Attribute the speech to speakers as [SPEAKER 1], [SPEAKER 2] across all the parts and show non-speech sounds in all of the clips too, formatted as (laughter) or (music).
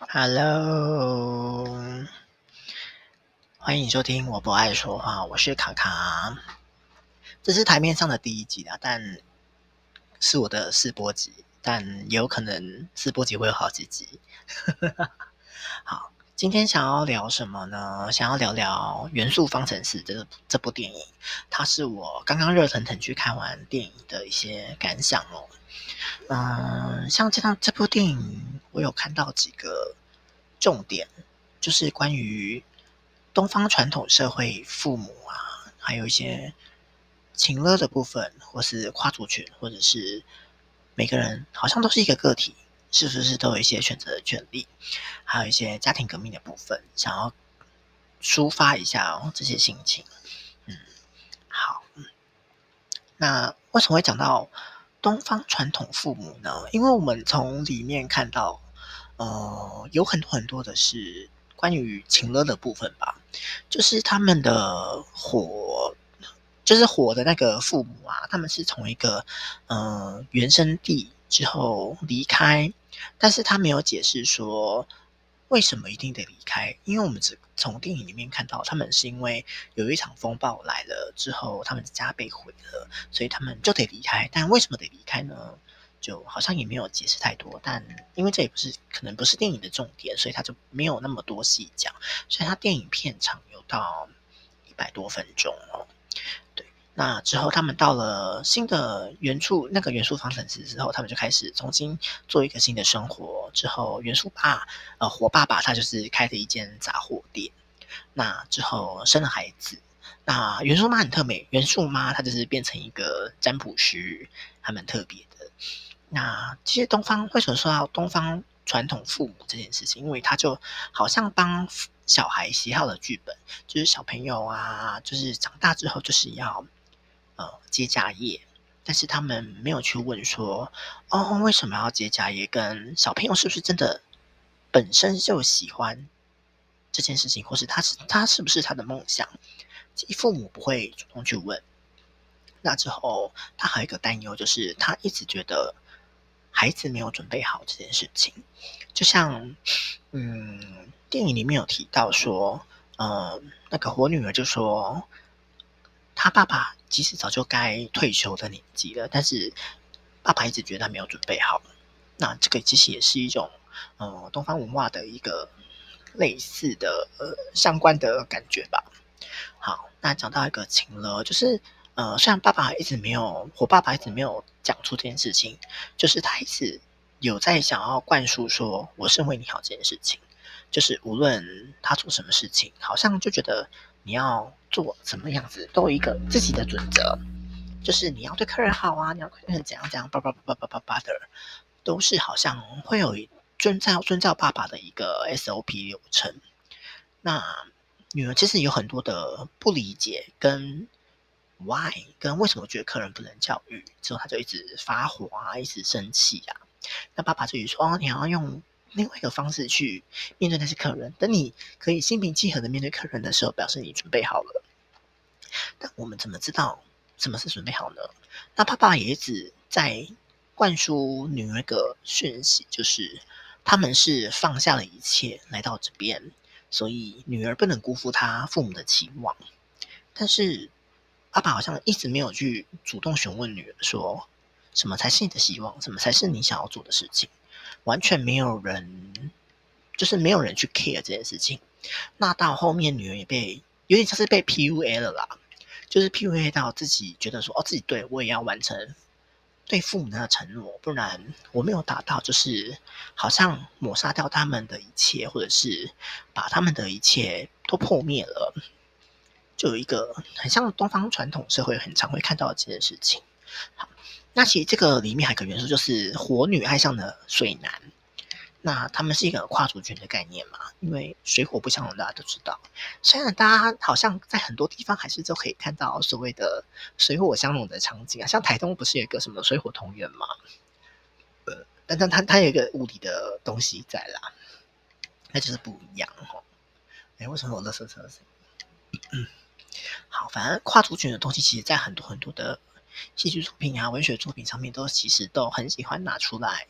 [SPEAKER 1] Hello，歡迎收聽。我不愛說話，我是卡卡。這是台面上的第一集啊，但是我的試播集，但也有可能試播集會有好幾集。 (laughs) 好。今天想要聊什麼呢？想要聊聊《元素方程式》這部這部電影，它是我剛剛熱騰騰去看完電影的一些感想哦。嗯、呃，像這樣這部電影，我有看到幾個重點，就是關於東方傳統社會父母啊，還有一些情勒的部分，或是跨族群，或者是每個人好像都是一個個體。是不是都有一些選擇的權利，還有一些家庭革命的部分，想要抒發一下，哦，這些心情。嗯，好，嗯，那為什麼會講到東方傳統父母呢？因為我們從裡面看到，呃，有很多很多的是關於情勒的部分吧，就是他們的火，就是火的那個父母啊，他們是從一個嗯、呃、原生地。之後離開，但是他沒有解釋說為什麼一定得離開，因為我們只從電影裡面看到他們是因為有一場風暴來了之後，他們的家被毀了，所以他們就得離開。但為什麼得離開呢？就好像也沒有解釋太多，但因為這也不是可能不是電影的重點，所以他就沒有那麼多細講。所以他電影片長有到一百多分鐘哦。那之後，他們到了新的元素，那個元素方程式之後，他們就開始重新做一個新的生活。之後，元素爸、呃，火爸爸，他就是開的一間雜貨店。那之後生了孩子。那元素媽很特別，元素媽她就是變成一個占卜師，還蠻特別的。那其實東方為什麼說到東方傳統父母這件事情？因為他就好像幫小孩寫好了劇本，就是小朋友啊，就是長大之後就是要。呃，接家業，但是他們沒有去問說，哦，為什麼要接家業？跟小朋友是不是真的本身就喜歡這件事情，或是他是他是不是他的夢想？父母不會主動去問。那之後，他還有一個擔憂，就是他一直覺得孩子沒有準備好這件事情。就像，嗯，電影裡面有提到說，嗯、呃，那個火女兒就說，他爸爸。其實早就該退休的年紀了，但是爸爸一直覺得他沒有準備好。那這個其實也是一種，呃，東方文化的一個類似的呃相關的感覺吧。好，那講到一個情勒，就是呃，雖然爸爸還一直沒有，我爸爸一直沒有講出這件事情，就是他一直有在想要灌輸說我是為你好這件事情，就是無論他做什麼事情，好像就覺得你要。做什麼樣子都有一個自己的準則，就是你要對客人好啊，你要對客人怎樣怎樣，叭叭叭叭叭叭叭的，都是好像會有遵照遵照爸爸的一個 SOP 流程。那女兒其實有很多的不理解跟 why，跟為什麼覺得客人不能教育，之後她就一直發火啊，一直生氣啊。那爸爸就就說哦，你要用。另外一個方式去面對那些客人，等你可以心平氣和的面對客人的時候，表示你準備好了。但我們怎麼知道什麼是準備好呢？那爸爸也一直在灌輸女兒一個訊息，就是他們是放下了一切來到這邊，所以女兒不能辜負他父母的期望。但是爸爸好像一直沒有去主動詢問女兒說，說什麼才是你的希望，什麼才是你想要做的事情。完全沒有人，就是沒有人去 care 這件事情。那到後面，女人也被有點像是被 PUA 了啦，就是 PUA 到自己覺得說：“哦，自己對我也要完成對父母的承諾，不然我沒有達到，就是好像抹殺掉他們的一切，或者是把他們的一切都破滅了。”就有一個很像東方傳統社會很常會看到的這件事情。好。那其實這個裡面還有一個元素，就是火女愛上了水男，那他們是一個跨族群的概念嘛，因為水火不相容大家都知道。雖然大家好像在很多地方還是都可以看到所謂的水火相容的場景啊，像台東不是有一個什麼水火同源嘛。呃，但但它它有一個物理的東西在啦，那就是不一樣哦。哎、欸，為什麼我那時候……嗯，好，反正跨族群的東西，其實在很多很多的。戲劇作品啊，文學作品上面都其實都很喜歡拿出來，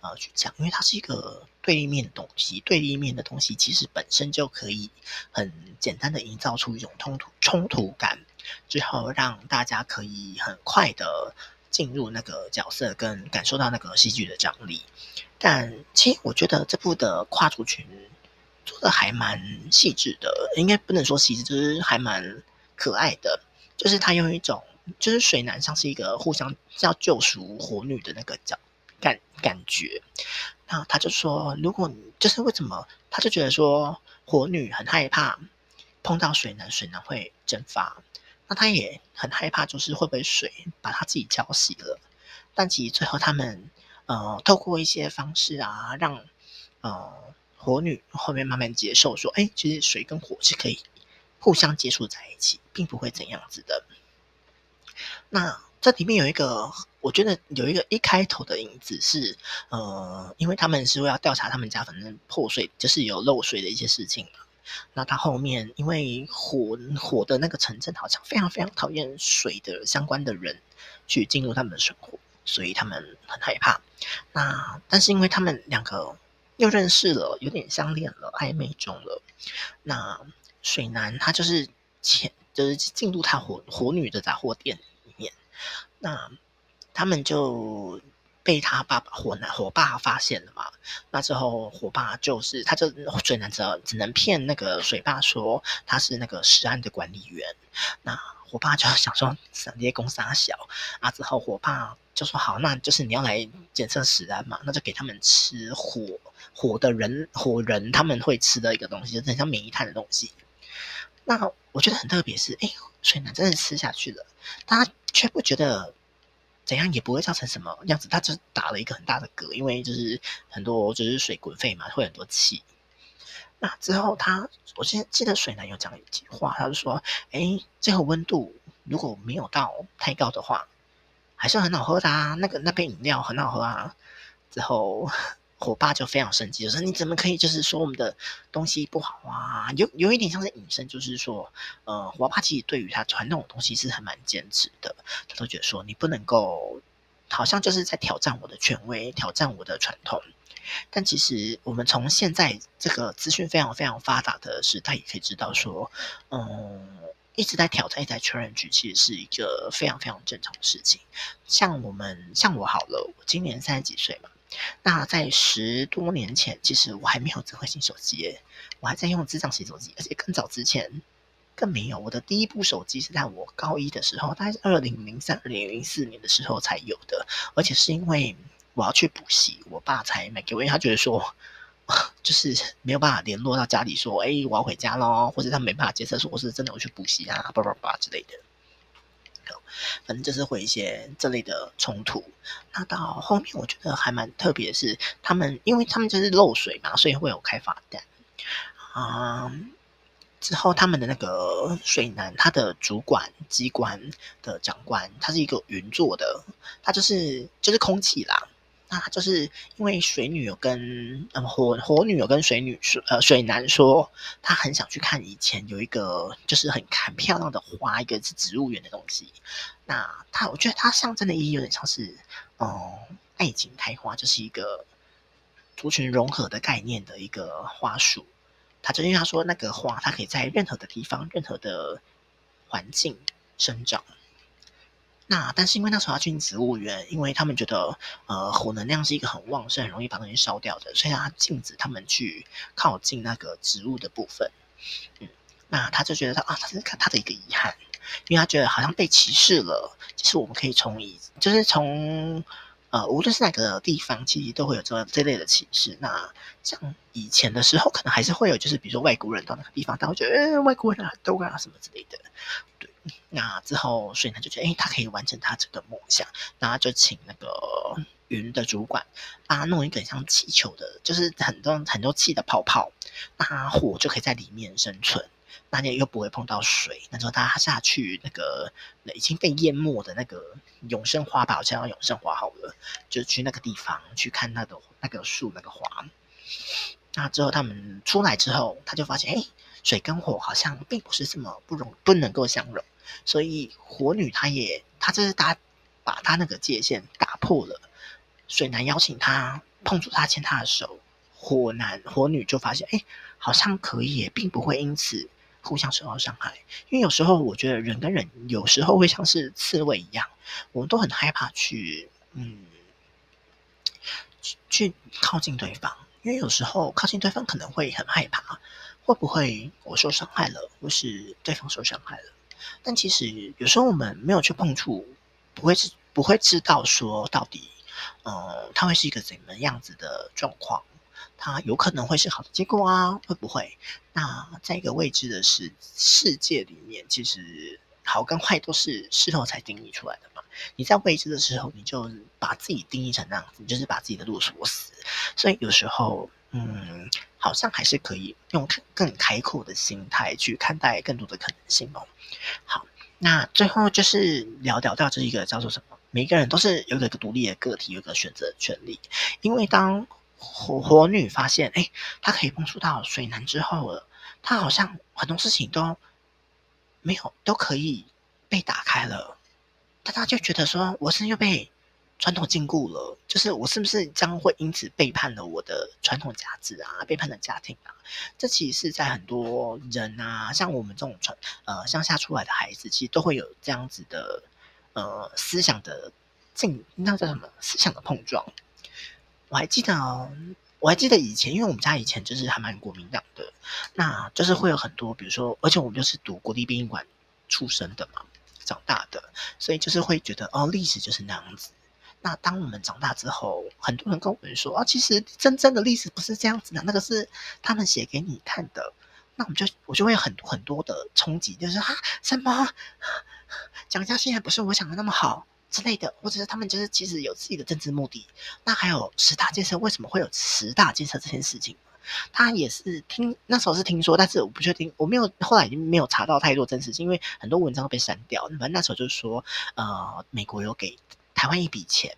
[SPEAKER 1] 呃，去講，因為它是一個對立面的東西，對立面的東西其實本身就可以很簡單的營造出一種衝突衝突感，之後讓大家可以很快的進入那個角色，跟感受到那個戲劇的張力。但其實我覺得這部的跨族群做得還蠻細緻的，應該不能說細緻，就是還蠻可愛的，就是他用一種。就是水男，像是一個互相要救贖火女的那個叫感感覺，那他就說，如果就是為什麼他就覺得說火女很害怕碰到水男，水男會蒸發，那他也很害怕，就是會不會水把他自己澆熄了？但其實最後他們呃透過一些方式啊，讓呃火女後面慢慢接受說，說哎，其實水跟火是可以互相接觸在一起，並不會怎樣子的。那這裡面有一個，我覺得有一個一開頭的影子是，呃，因為他們是會要調查他們家，反正破碎就是有漏水的一些事情嘛。那他後面因為火火的那個城鎮好像非常非常討厭水的相關的人去進入他們的生活，所以他們很害怕。那但是因為他們兩個又認識了，有點相戀了，曖昧中了。那水男他就是潛，就是進入他火火女的雜貨店。那他們就被他爸爸火男火，火爸發現了嘛。那之後火爸就是他就只能只只能騙那個水爸說他是那個食安的管理員。那火爸就想說這些公司他小啊，那之後火爸就說好，那就是你要來檢測食安嘛，那就給他們吃火火的人火人他們會吃的一個東西，就是，很像煤炭的東西。那我覺得很特別，是、欸、誒水男真的吃下去了，他卻不覺得怎樣，也不會造成什麼樣子，他就打了一個很大的嗝，因為就是很多就是水滾沸嘛，會很多氣。那之後他，他我先記得水男有講一句話，他就說：“哎、欸，最後溫度如果沒有到太高的話，還是很好喝的啊，那個那杯飲料很好喝啊。”之後。火爸就非常生氣，就是說：“你怎麼可以就是說我們的東西不好啊？有有一點像是隱身，就是說，呃，火爸其實對於他傳統的東西是還蠻堅持的，他都覺得說你不能夠，好像就是在挑戰我的權威，挑戰我的傳統。但其實我們從現在這個資訊非常非常發達的時代，他也可以知道說，嗯，一直在挑戰、一直在確認，其實是一個非常非常正常的事情。像我們，像我，好了，我今年三十幾歲嘛。”那在十多年前，其實我還沒有智慧型手機耶，我還在用智障型手機，而且更早之前更沒有。我的第一部手機是在我高一的時候，大概是二零零三、二零零四年的時候才有的，而且是因為我要去補習，我爸才買給我，因為他覺得說，就是沒有辦法聯絡到家裡說，說哎我要回家咯。或者他沒辦法接受，說我是真的我去補習啊，叭叭叭之類的。反正就是會一些這類的衝突，那到後面我覺得還蠻特別的是，他們因為他們就是漏水嘛，所以會有開罰單。啊、嗯，之後他們的那個水男，他的主管機關的長官，他是一個雲做的，他就是就是空氣啦。那他就是因為水女有跟嗯火火女有跟水女說，呃水男說他很想去看以前有一個就是很很漂亮的花，一個是植物園的東西。那他我覺得他象徵的意義有點像是，哦、嗯、愛情開花，就是一個族群融合的概念的一個花束。他就因為他說那個花，它可以在任何的地方、任何的環境生長。那但是因為那時候他去植物園，因為他們覺得呃火能量是一個很旺盛，很容易把東西燒掉的，所以他禁止他們去靠近那個植物的部分。嗯，那他就覺得他啊，他是看他的一個遺憾，因為他覺得好像被歧視了。其實我們可以從以，就是從呃無論是哪個地方，其實都會有這這類的歧視。那像以前的時候，可能還是會有，就是比如說外國人到那個地方，他會覺得、欸、外國人啊都幹啊什麼之類的。那之後，所以他就覺得，哎、欸，他可以完成他這個夢想。然後就請那個雲的主管，幫他弄一個像氣球的，就是很多很多氣的泡泡，那火就可以在裡面生存，那你也又不會碰到水。那時候他下去那個已經被淹沒的那個永生花吧，好像叫永生花好了，就去那個地方去看他的那個樹、那個、那個花。那之後他們出來之後，他就發現，哎、欸，水跟火好像並不是這麼不容，不能夠相容。所以火女她也，她這是打，把她那個界限打破了。水男邀請她碰觸她，牽她的手。火男火女就發現，哎、欸，好像可以，也並不會因此互相受到傷害。因為有時候我覺得人跟人有時候會像是刺蝟一樣，我們都很害怕去嗯去靠近對方，因為有時候靠近對方可能會很害怕，會不會我受傷害了，或是對方受傷害了？但其實有時候我們沒有去碰觸，不會是不會知道說到底，嗯、呃，它會是一個怎麼樣子的狀況？它有可能會是好的結果啊，會不會？那在一個未知的世世界裡面，其實好跟壞都是事後才定義出來的嘛。你在未知的時候，你就把自己定義成那樣子，你就是把自己的路鎖死。所以有時候，嗯。好像還是可以用更開闊的心態去看待更多的可能性哦。好，那最後就是聊聊到這一個叫做什麼？每個人都是有一個獨立的個體，有一個選擇的權利。因為當火火女發現，哎，她可以碰觸到水男之後了，她好像很多事情都沒有都可以被打開了，但她就覺得說，我是又被。傳統禁錮了，就是我是不是將會因此背叛了我的傳統價值啊？背叛了家庭啊？這其實是在很多人啊，像我們這種傳呃鄉下出來的孩子，其實都會有這樣子的呃思想的進，那叫什麼思想的碰撞。我還記得、哦，我還記得以前，因為我們家以前就是還蠻國民黨的，那就是會有很多，比如說，而且我們就是讀國立殯儀館出生的嘛，長大的，所以就是會覺得哦，歷史就是那樣子。那當我們長大之後，很多人跟我們說：“啊，其實真正的歷史不是這樣子的，那個是他們寫給你看的。”那我們就我就會有很多很多的衝擊，就是啊，什麼蔣家興，還不是我想的那麼好之類的，或者是他們就是其實有自己的政治目的。那還有十大建設，為什麼會有十大建設這件事情？他也是聽那時候是聽說，但是我不確定，我沒有後來已經沒有查到太多真實性，因為很多文章被刪掉。反正那時候就說，呃，美國有給台灣一筆錢，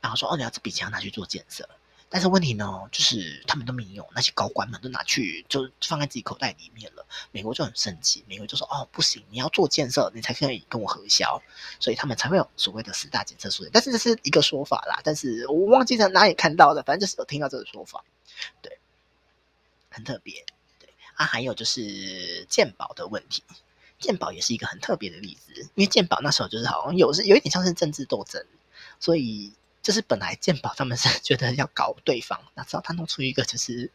[SPEAKER 1] 然後說哦，你要這筆錢要拿去做建設但是問題呢，就是他們都沒有，那些高官們都拿去就放在自己口袋裡面了。美國就很生氣，美國就說哦，不行，你要做建設，你才可以跟我核銷，所以他們才會有所謂的四大檢測署。但是這是一個說法啦，但是我忘記在哪裡看到的，反正就是有聽到這個說法，對，很特別。對啊，還有就是健保的問題。健保也是一個很特別的例子，因為健保那時候就是好像有，有是有一點像是政治鬥爭，所以就是本來健保他們是覺得要搞對方，那之後他弄出一個就是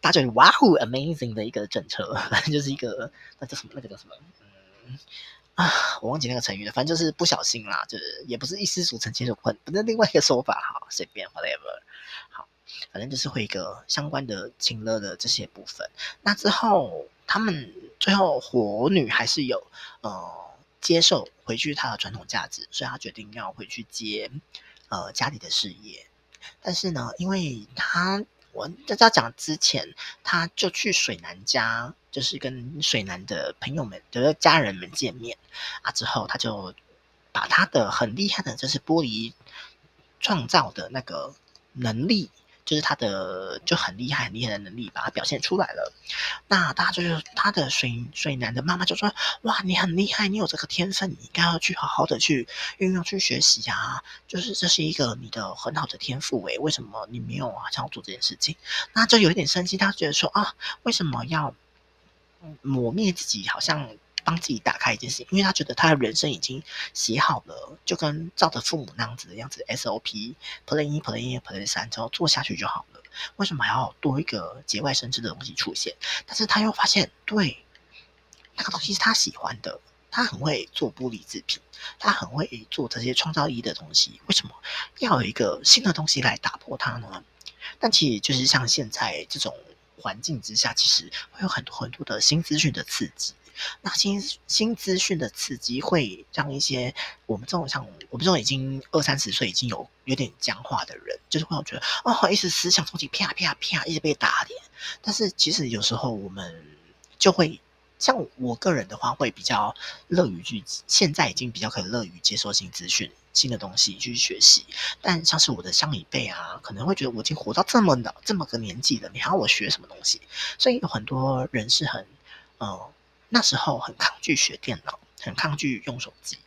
[SPEAKER 1] 大家覺得哇呼 amazing 的一個政策，反正就是一個那叫什麼那個叫什麼，嗯啊，我忘記那個成語了，反正就是不小心啦，就是也不是一失足成千古恨，不是另外一個說法哈，隨便 whatever，好，反正就是會一個相關的、情勒的這些部分，那之後他們。最後，火女還是有呃接受回去她的傳統價值，所以她決定要回去接呃家裡的事業。但是呢，因為她我在這講之前，她就去水男家，就是跟水男的朋友們的、就是、家人們見面啊。之後，她就把她的很厲害的就是玻璃創造的那個能力，就是他的就很厲害，很厲害的能力把它表現出來了。那他就是他的水水男的媽媽就說：“哇，你很厲害，你有這個天分，你應該要去好好的去運用、去學習啊！就是這是一個你的很好的天賦誒、欸，為什麼你沒有想要做這件事情？那就有一點生氣。他就覺得說啊，為什麼要磨滅自己？好像……幫自己打開一件事情，因為他覺得他的人生已經寫好了，就跟照着父母那樣子的樣子 SOP，plan 一，plan 二、plan 三，只要做下去就好了。為什麼還要多一個節外生枝的東西出現？但是他又發現，對那個東西是他喜歡的，他很會做玻璃製品，他很會做這些創造意義的東西。為什麼要有一個新的東西來打破他呢？但其實就是像現在這種環境之下，其實會有很多很多的新資訊的刺激。那新新資訊的刺激會讓一些我們這種像我們這種已經二三十歲已經有有點僵化的人，就是會覺得哦，一直思想衝擊啪啪啪，啪一直被打臉。但是其實有時候我們就會像我個人的話，會比較樂於去現在已經比較可以樂於接受新資訊、新的東西去學習。但像是我的上一輩啊，可能會覺得我已經活到這麼的這麼個年紀了，你還要我學什麼東西？所以有很多人是很嗯。呃那時候很抗拒學電腦，很抗拒用手機。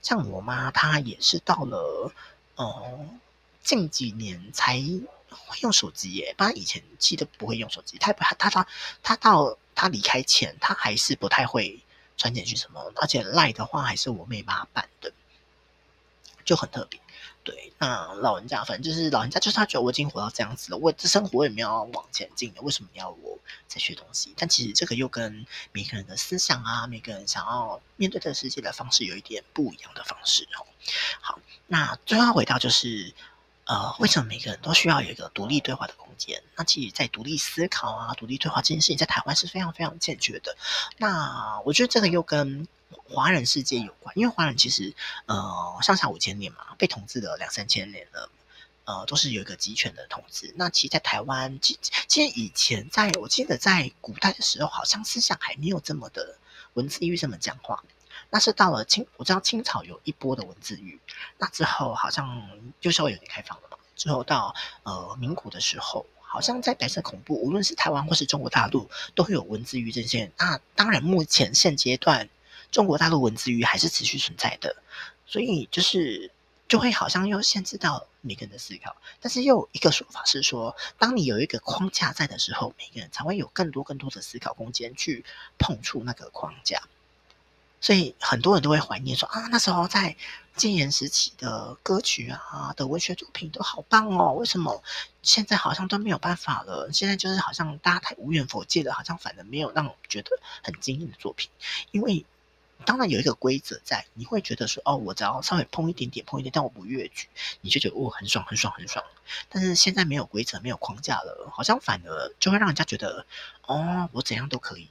[SPEAKER 1] 像我媽，她也是到了、嗯、近幾年才會用手機耶、欸。她以前其實都不會用手機，她她她，她到她到她離開前，她還是不太會傳簡訊什麼。而且賴的話，還是我妹幫她辦的，就很特別。對，那老人家，反正就是老人家，就是他覺得我已經活到這樣子了，我這生活也沒有往前進了，為什麼要我再學東西？但其實這個又跟每個人的思想啊，每個人想要面對這個世界的方式，有一點不一樣的方式哦。好，那最後回到就是，呃，為什麼每個人都需要有一個獨立對話的空間？那其實，在獨立思考啊、獨立對話這件事情，在台灣是非常非常欠缺的。那我覺得這個又跟。華人世界有關，因為華人其實呃上下五千年嘛，被統治了兩三千年了，呃，都是有一個集權的統治。那其實在台灣，其其實以前在我記得在古代的時候，好像思想還沒有這麼的文字獄這麼講話。那是到了清，我知道清朝有一波的文字獄，那之後好像又稍微有點開放了嘛。之後到呃民國的時候，好像在白色恐怖，無論是台灣或是中國大陸，都會有文字獄這些。那當然目前現階段。中國大陸文字獄還是持續存在的，所以就是就會好像又限制到每個人的思考。但是又有一個說法是說，當你有一個框架在的時候，每個人才會有更多更多的思考空間去碰觸那個框架。所以很多人都會懷念說啊，那時候在戒嚴時期的歌曲啊的文學作品都好棒哦，為什麼現在好像都沒有辦法了？現在就是好像大家太無遠弗屆了，好像反而沒有讓我覺得很驚豔的作品，因為，當然有一個規則在，你會覺得說哦，我只要稍微碰一點點，碰一點點，但我不越矩，你就覺得哦，很爽，很爽，很爽。但是現在沒有規則，沒有框架了，好像反而就會讓人家覺得哦，我怎樣都可以。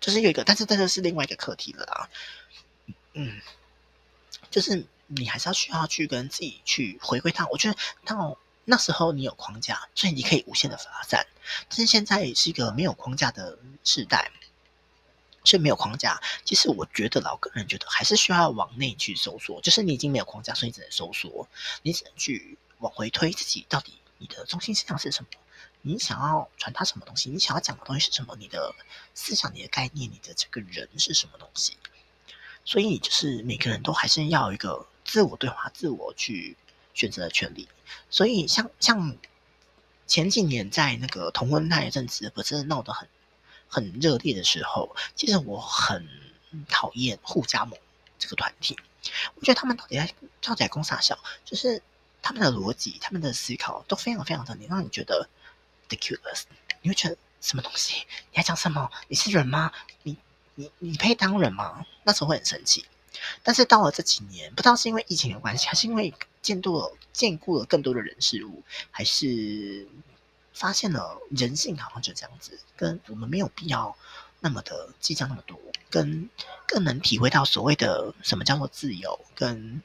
[SPEAKER 1] 就是有一個，但是這個是另外一個課題了啊。嗯，就是你還是要需要去跟自己去回歸到，我覺得到那時候你有框架，所以你可以無限的發展。但是現在也是一個沒有框架的時代。所以沒有框架，其實我覺得，老個人覺得還是需要往內去搜索。就是你已經沒有框架，所以只能搜索，你只能去往回推自己到底你的中心思想是什麼？你想要傳達什麼東西？你想要講的東西是什麼？你的思想、你的概念、你的這個人是什麼東西？所以，就是每個人都還是要一個自我對話、自我去選擇的權利。所以像，像像前幾年在那個同婚那一陣子，不是鬧得很，很熱烈的時候，其實我很討厭互加盟這個團體。我覺得他們到底在招財公啥笑？就是他們的邏輯、他們的思考都非常非常的。你讓你覺得 ridiculous 你會覺得什麼東西？你還講什麼？你是人嗎？你你你配當人嗎？那時候會很生氣。但是到了這幾年，不知道是因為疫情的關係，還是因為見多了、見過了更多的人事物，還是？發現了人性好像就這樣子，跟我們沒有必要那麼的計較那麼多，跟更能體會到所謂的什麼叫做自由，跟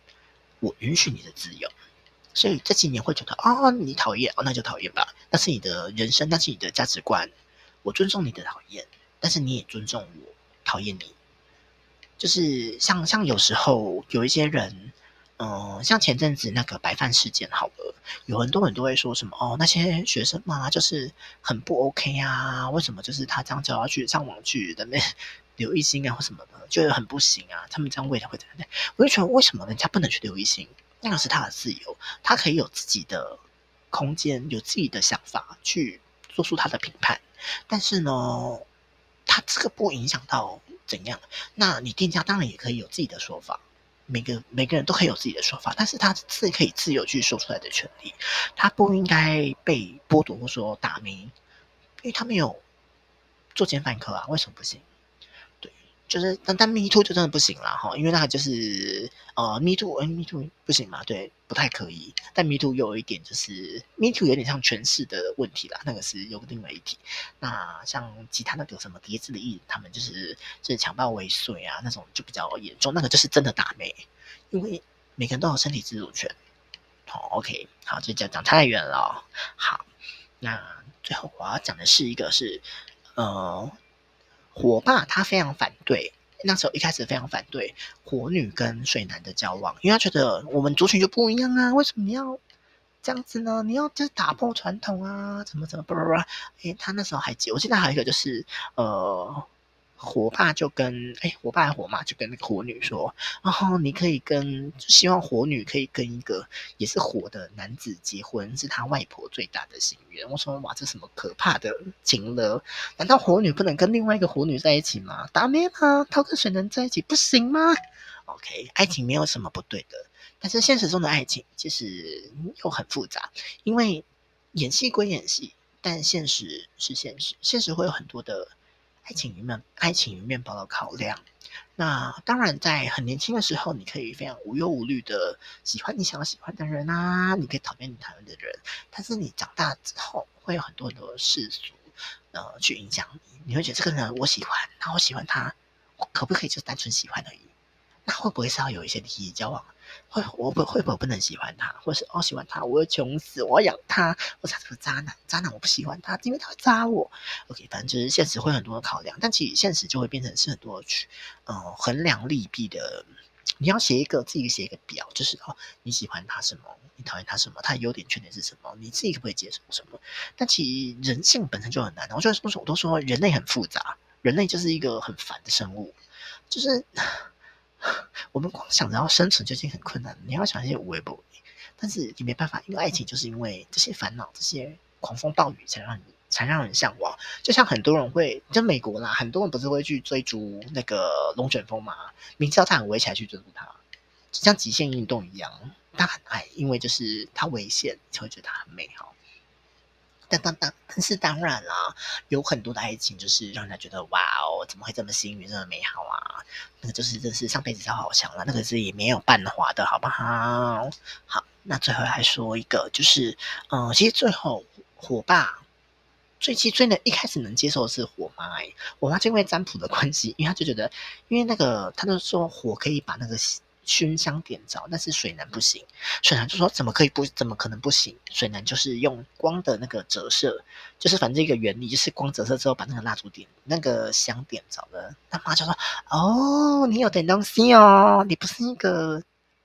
[SPEAKER 1] 我允許你的自由。所以這幾年會覺得啊、哦，你討厭哦，那就討厭吧，那是你的人生，那是你的價值觀，我尊重你的討厭，但是你也尊重我討厭你。就是像像有時候有一些人。嗯，像前陣子那個白飯事件，好了，有很多很多會說什麼哦，那些學生嘛，就是很不 OK 啊，為什麼就是他這樣就要去上網去的那邊留一星啊或什麼的，就很不行啊，他們這樣為了會怎樣？我就覺得為什麼人家不能去留一星？那個是他的自由，他可以有自己的空間，有自己的想法，去做出他的評判。但是呢，他這個不影響到怎樣？那你店家當然也可以有自己的說法。每個每個人都可以有自己的說法，但是他自己可以自由去說出來的權利，他不應該被剝奪或說打鳴，因為他沒有作奸犯科啊，為什麼不行？對，就是，但但 me too 就真的不行了哈，因為那個就是呃 me too，欸 me too 不行嘛，對。不太可以，但 MeToo 又有一點，就是 MeToo 有點像詮釋的問題啦，那個是有個另外一題。那像其他那個什麼疊字的意義，他們就是、就是強暴未遂啊，那種就比較嚴重，那個就是真的打咩，因為每個人都有身體自主權。好、哦，OK，好，這講講太遠了哦。好，那最後我要講的是一個是，是呃，火爸他非常反對。那時候一開始非常反對火女跟水男的交往，因為他覺得我們族群就不一樣啊，為什麼你要這樣子呢？你要就是打破傳統啊，怎麼怎麼不？吧吧？哎、欸，他那時候還記，我記得還有一個就是呃。火爸就跟哎、欸，我爸還火媽就跟那個火女說，然、哦、後你可以跟希望火女可以跟一個也是火的男子結婚，是他外婆最大的心願。我說哇，這什麼可怕的情勒？難道火女不能跟另外一個火女在一起嗎？打咩啦，他跟誰能在一起不行嗎？OK，愛情沒有什麼不對的，但是現實中的愛情其實又很複雜，因為演戲歸演戲，但現實是現實，現實會有很多的。愛情與麵，愛情與麵包的考量。那當然，在很年輕的時候，你可以非常無憂無慮的喜歡你想要喜歡的人啊，你可以討厭你討厭的人。但是你長大之後，會有很多很多的世俗呃去影響你，你會覺得這個人我喜歡，那我喜歡他，我可不可以就單純喜歡而已？那會不會稍微有一些利益交往？會，我不會不會不能喜歡他，或者是哦喜歡他，我會窮死，我要養他，我操，這個渣男，渣男我不喜歡他，因為他會渣我。OK，反正就是現實會有很多的考量，但其實現實就會變成是很多去嗯衡量利弊的。你要寫一個自己寫一個表，就是哦你喜歡他什麼，你討厭他什麼，他的優點缺點是什麼，你自己可不可以接受什麼？但其實人性本身就很難，我覺得說我都說人類很複雜，人類就是一個很煩的生物，就是。 (laughs) 我們光想着要生存，就已經很困難。你要想一些無微不至，但是你沒辦法，因為愛情就是因為這些煩惱、這些狂風暴雨才，才讓你才讓人向往。就像很多人會，像美國啦，很多人不是會去追逐那個龍捲風嘛？明知道他很危險，去追逐他，就像極限運動一樣。他很愛，因為就是他危險，就會覺得他很美好。但當當，但是當然啦、啊，有很多的愛情就是讓人家覺得哇哦，怎麼會這麼幸運，這麼美好啊？那個就是，真是上輩子燒好香了，那個是也沒有辦法的，好不好？好，那最後還說一個，就是嗯，其實最後火爸最近最能一開始能接受的是火媽，哎，火媽就因為占卜的關係，因為她就覺得，因為那個她就說火可以把那個。熏香點着，但是水男不行。水男就說：“怎麼可以不？怎麼可能不行？”水男就是用光的那個折射，就是反正一個原理，就是光折射之後把那個蠟燭點、那個香點着了。他媽就說：“哦，你有點東西哦，你不是一個，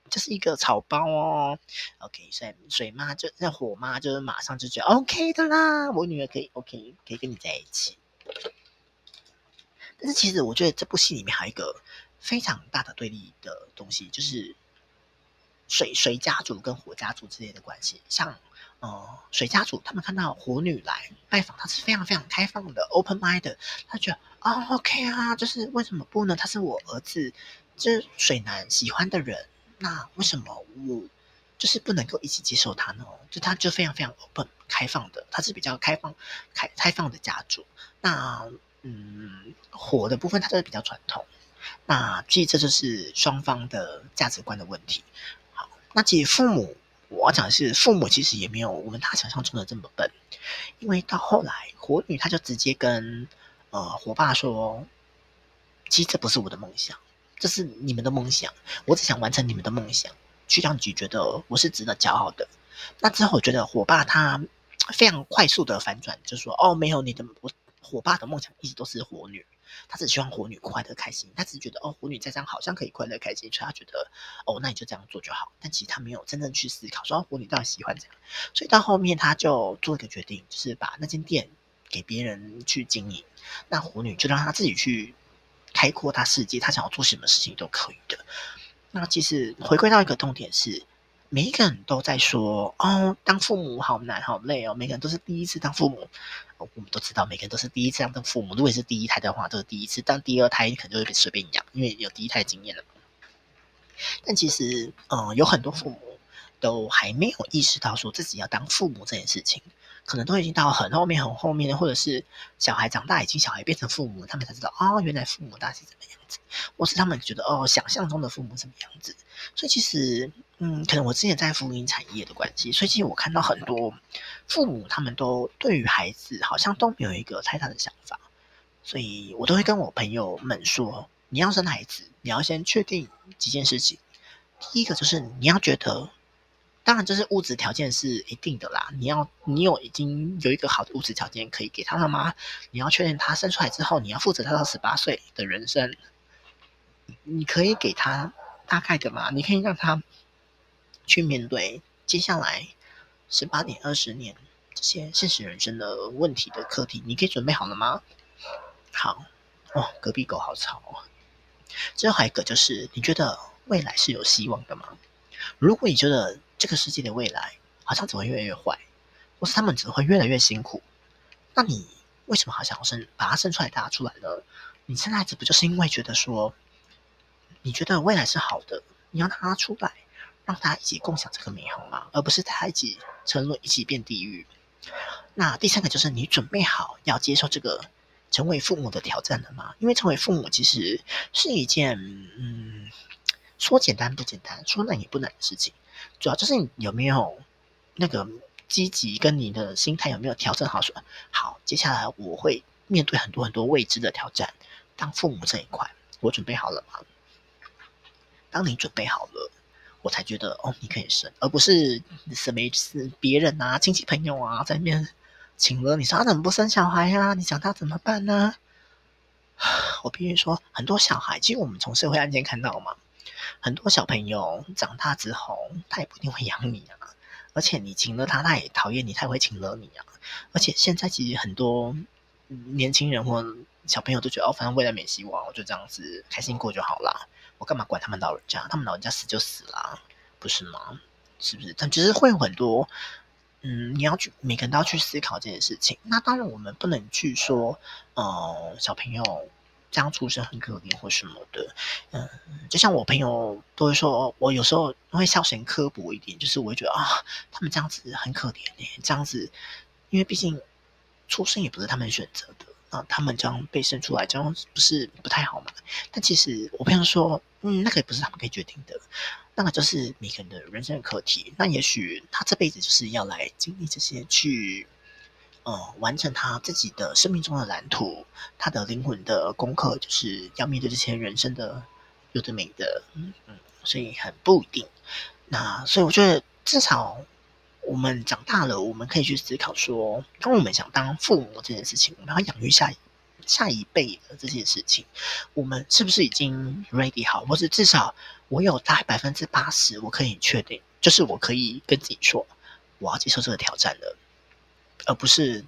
[SPEAKER 1] 就是一個草包哦。”OK，所以水媽就那火媽就是馬上就覺得、哦、OK 的啦，我女兒可以 OK，可以跟你在一起。但是其實我覺得這部戲裡面還有一個。非常大的對立的東西，就是水水家族跟火家族之間的關係。像，嗯、呃，水家族他們看到火女來拜訪，他是非常非常開放的，open mind 的。他覺得啊，OK 啊，就是為什麼不呢？他是我兒子，這、就是、水男喜歡的人，那為什麼我就是不能夠一起接受他呢？就他就非常非常 open 開放的，他是比較開放開開放的家族。那嗯，火的部分，他就是比較傳統。那其實這就是雙方的價值觀的問題。好，那其實父母，我要講的是父母其實也沒有我們他想象中的這麼笨，因為到後來火女她就直接跟呃火爸說，其實這不是我的夢想，這是你們的夢想，我只想完成你們的夢想，去讓自己覺得我是值得驕傲的。那之後我覺得火爸他非常快速的反轉，就說哦，沒有你的我。火爸的夢想一直都是火女，他只希望火女快樂開心，他只覺得哦，火女再這樣好像可以快樂開心，所以他覺得哦，那你就這樣做就好。但其實他沒有真正去思考，說哦、火女到底喜歡這樣。所以到後面他就做一個決定，就是把那間店給別人去經營，那火女就讓他自己去開闊他世界，他想要做什麼事情都可以的。那其實回歸到一個重點是。每一個人都在說：“哦，當父母好難好累哦。”每個人都是第一次當父母，哦、我們都知道，每個人都是第一次當父母。如果是第一胎的話，都、就是第一次；當第二胎，可能就會隨便養，因為有第一胎經驗了。但其實，嗯、呃，有很多父母都還沒有意識到說自己要當父母這件事情。可能都已經到很後面、很後面的，或者是小孩長大已經，小孩變成父母，他們才知道啊、哦，原來父母大是怎麼樣子，或是他們覺得哦，想象中的父母怎麼樣子。所以其實，嗯，可能我之前在服務產業的關係，所以其實我看到很多父母他們都對於孩子好像都沒有一個太大的想法，所以我都會跟我朋友們說，你要生孩子，你要先確定幾件事情，第一個就是你要覺得。當然，就是物質條件是一定的啦。你要，你有已經有一個好的物質條件可以給他了嗎？你要確認他生出來之後，你要負責他到十八歲的人生。你，你可以給他大概的嗎？你可以讓他去面對接下來十八年、二十年這些現實人生的問題的課題，你可以準備好了嗎？好，哦，隔壁狗好吵哦。最後一個就是，你覺得未來是有希望的嗎？如果你覺得，這個世界的未來好像只會越來越壞，或是他們只會越來越辛苦。那你為什麼好想要生，把他生出來帶他出來呢？你生孩子不就是因為覺得說，你覺得未來是好的，你要拿他出來，讓他一起共享這個美好嗎？而不是帶他一起沉淪，一起變地獄。那第三個就是，你準備好要接受這個成為父母的挑戰了嗎？因為成為父母其實是一件，嗯，說簡單不簡單，說難也不難的事情。主要就是你有沒有那個積極跟你的心態有沒有調整好，好？說好，接下來我會面對很多很多未知的挑戰。當父母這一塊，我準備好了嗎？當你準備好了，我才覺得哦，你可以生，而不是什麼，是別人啊、親戚朋友啊，在面請了你說他、啊、怎麼不生小孩呀、啊？你想他怎麼辦呢？我必須說，很多小孩，其實我們從社會案件看到嘛。很多小朋友長大之後，他也不一定會養你啊。而且你情勒他，他也討厭你，他也會情勒你啊。而且現在其實很多年輕人或小朋友都覺得，哦，反正未來沒希望，我就這樣子開心過就好了。我幹嘛管他們老人家？他們老人家死就死了，不是嗎？是不是？但其實會有很多，嗯，你要去，每個人都要去思考這件事情。那當然，我們不能去說，哦、呃，小朋友。這樣出生很可憐，或什麼的，嗯，就像我朋友都會說，我有時候會稍嫌刻薄一點，就是我會覺得啊，他們這樣子很可憐哎、欸，這樣子，因為畢竟出生也不是他們選擇的啊，他們這樣被生出來這樣不是不太好嘛？但其實我朋友說，嗯，那個也不是他們可以決定的，那個就是每個人的人生的課題，那也許他這輩子就是要來經歷這些去。嗯、呃，完成他自己的生命中的藍圖，他的靈魂的功課，就是要面對這些人生的有的沒的，嗯嗯，所以很不一定。那所以我覺得，至少我們長大了，我們可以去思考說，當我們想當父母這件事情，我們要養育下一下一輩的這件事情，我們是不是已經 ready 好，或者至少我有大百分之八十，我可以確定，就是我可以跟自己說，我要接受這個挑戰了。而不是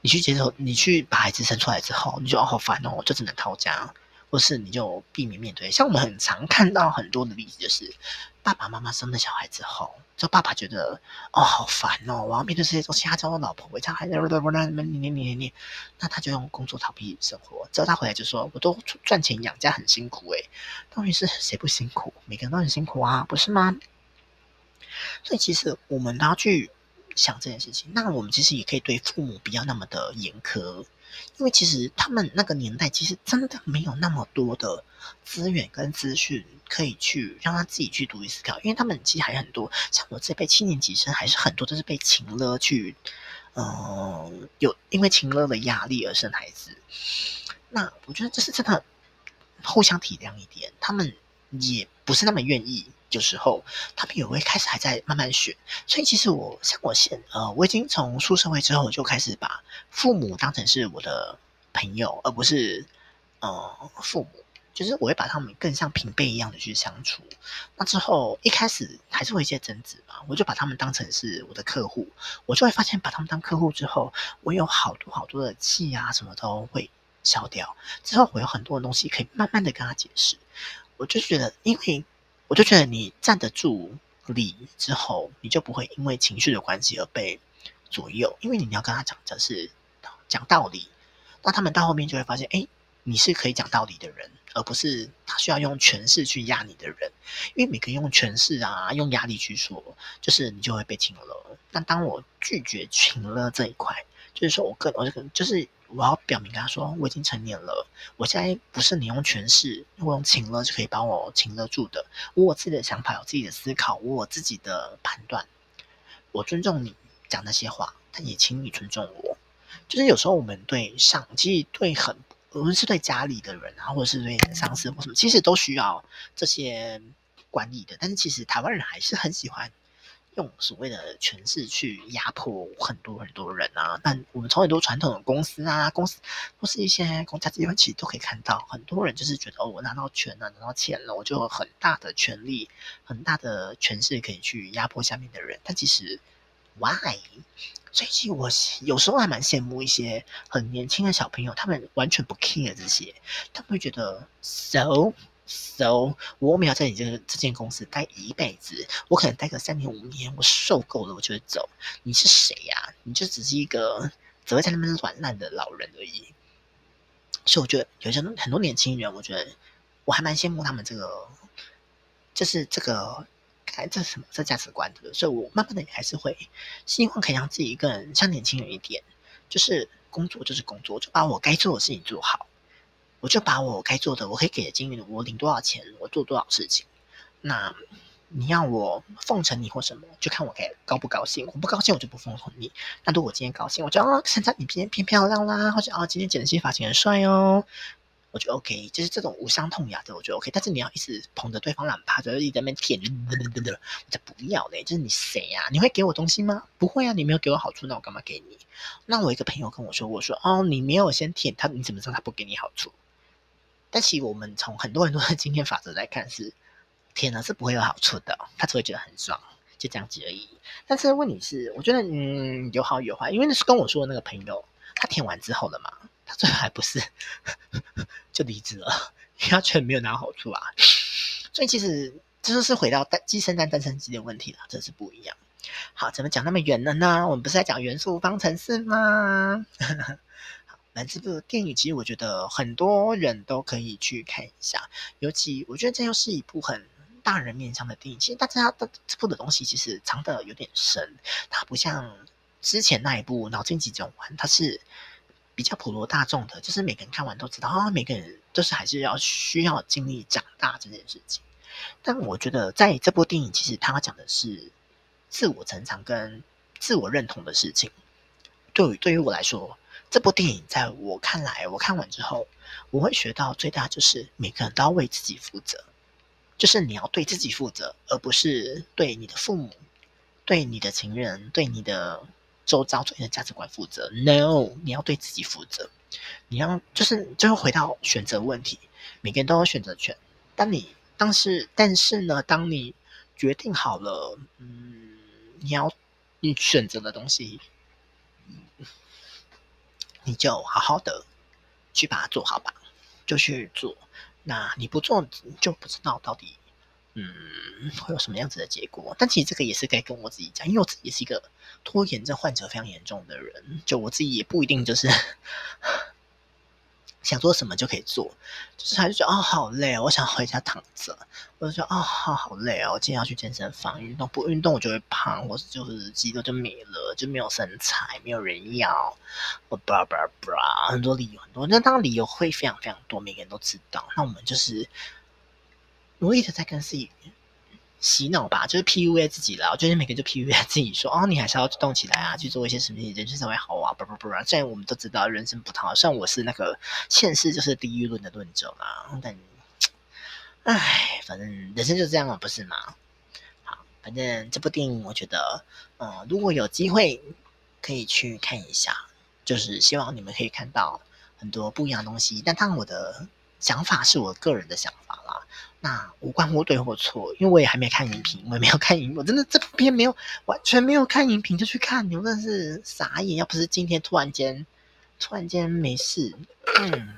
[SPEAKER 1] 你去接受，你去把孩子生出來之後，你就好煩哦，就只能逃家，或是你就避免面對。像我們很常看到很多的例子，就是爸爸媽媽生了小孩之後，就爸爸覺得哦，好煩哦，我要面對這些東西，他叫我老婆，我家孩子，那他就用工作逃避生活。之後他回來就說，我都賺錢養家很辛苦誒、欸。到底是誰不辛苦？每個人都很辛苦啊，不是嗎？所以其實我們要去想這件事情，那我們其實也可以對父母不要那麼的嚴苛，因為其實他們那個年代其實真的沒有那麼多的資源跟資訊可以去讓他自己去獨立思考，因為他們其實還有很多，像我這輩七年級生，還是很多都是被情勒去，嗯、呃，有因為情勒的壓力而生孩子。那我覺得這是真的，互相體諒一點，他們也不是那麼願意。有時候他們也會開始還在慢慢學，所以其實我像我現呃，我已經從出社會之後我就開始把父母當成是我的朋友，而不是呃父母，就是我會把他們更像平輩一樣的去相處。那之後一開始還是會一些爭執嘛，我就把他們當成是我的客戶，我就會發現把他們當客戶之後，我有好多好多的氣啊什麼都會消掉，之後我有很多的東西可以慢慢的跟他解釋，我就覺得因為。我就覺得你站得住理之後，你就不會因為情緒的關係而被左右，因為你要跟他講的是講道理。那他們到後面就會發現，哎，你是可以講道理的人，而不是他需要用權勢去壓你的人。因為你可以用權勢啊，用壓力去說，就是你就會被情勒了。那當我拒絕情勒這一塊。就是說我更，我更就是我要表明，跟他說我已經成年了，我現在不是你用權勢，我用情勒就可以把我情勒住的。我自己的想法，有自己的思考，我自己的判斷。我尊重你講那些話，但也請你尊重我。就是有時候我們對上，其實對很，我們是對家裡的人，然後或者是對上司或什麼，其實都需要這些管理的。但是其實台灣人還是很喜歡。用所謂的權勢去壓迫很多很多人啊，但我們從很多傳統的公司啊，公司都是一些公家機關，其實都可以看到，很多人就是覺得，哦，我拿到權了，拿到錢了，我就有很大的權力，很大的權勢可以去壓迫下面的人。但其實，why？最近我有時候還蠻羨慕一些很年輕的小朋友，他們完全不 care 這些，他們會覺得，so。So，我沒有在你這個這間公司待一輩子，我可能待個三年五年，我受夠了，我就會走。你是誰呀、啊？你就只是一個只會在那邊軟爛的老人而已。所以我覺得有些很多年輕人，我覺得我還蠻羨慕他們這個，就是這個，這是什麼？這價值觀？的，所以，我慢慢的還是會希望可以讓自己更像年輕人一點，就是工作就是工作，就把我該做的事情做好。我就把我該做的，我可以給的盡力，我領多少錢，我做多少事情。那你要我奉承你或什麼，就看我該高不高興。我不高興，我就不奉承你。那如果我今天高興，我就哦，現在你今天變漂亮啦，或者哦，今天剪的新髮型很帥哦，我就 OK。就是這種無傷痛雅的，我覺得 OK。但是你要一直捧着對方卵葩着，一直在那邊舔，我就不要嘞。就是你誰呀、啊？你會給我東西嗎？不會啊，你沒有給我好處，那我幹嘛給你？那我一個朋友跟我說，我說哦，你沒有先舔他，你怎麼知道他不給你好處？但其實我們從很多很多的經驗法則來看是，是舔了是不會有好處的。他只會覺得很爽，就這樣子而已。但是問題是，我覺得嗯，有好有壞，因為那是跟我說的那個朋友，他舔完之後了嘛，他最後還不是呵呵就離職了，完全沒有拿好處啊。所以其實這就是回到單寄生單單身機的問題了，真是不一樣。好，怎麼講那麼遠了呢？我們不是在講元素方程式嗎？ (laughs) 反正這個電影，其實我覺得很多人都可以去看一下。尤其我覺得這又是一部很大人面向的電影。其實大家的這部的東西其實藏的有點深，它不像之前那一部《腦筋急轉彎》，它是比較普羅大眾的，就是每個人看完都知道。啊，每個人就是還是要需要經歷長大這件事情。但我覺得在這部電影，其實它講的是自我成長跟自我認同的事情。對於，對於我來說。這部電影在我看來，我看完之後，我會學到最大就是每個人都要為自己負責，就是你要對自己負責，而不是對你的父母、對你的情人、對你的周遭、對你的價值觀負責。No，你要對自己負責。你要就是最後、就是、回到選擇問題，每個人都有選擇權。但你但是但是呢，當你決定好了，嗯，你要你選擇的東西。你就好好的去把它做好吧，就去做。那你不做，你就不知道到底嗯會有什麼樣子的結果。但其實這個也是該跟我自己講，因為我自己也是一個拖延症患者，非常嚴重的人。就我自己也不一定就是。 (laughs) 想做什麼就可以做，就是他就覺得哦好累哦，我想回家躺着。我就說哦好，好累哦，我今天要去健身房運動，不運動我就會胖，我就是肌肉就沒了，就沒有身材，沒有人要。我巴拉巴拉巴拉，很多理由，很多，那當然理由會非常非常多，每個人都知道。那我們就是努力的再更新洗腦吧，就是 PUA 自己了。我覺得每個人就 PUA 自己說，哦，你還是要動起來啊，去做一些什麼，人生才會好啊，不不不然。雖然我們都知道人生不雖然我是那個現實就是地獄論的論者嘛。但，唉，反正人生就這樣嘛，不是嘛，好，反正這部電影我覺得，嗯、呃，如果有機會可以去看一下，就是希望你們可以看到很多不一樣東西。但當然，我的想法是我個人的想法啦。那、啊、無關我對或錯，因為我也還沒看影評，我也沒有看影，我真的這部片沒有完全沒有看影評就去看，你真的是傻眼。要不是今天突然間，突然間沒事、嗯，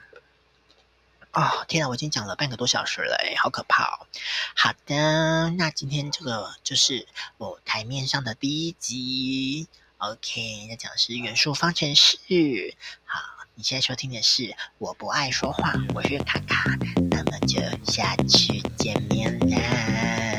[SPEAKER 1] 哦，天啊，我已經講了半個多小時了、欸，好可怕哦。好的，那今天這個就是我台面上的第一集，OK，那講的是元素方程式，好。你現在收聽的是我不愛說話，我是卡卡，那麼就下次見面啦。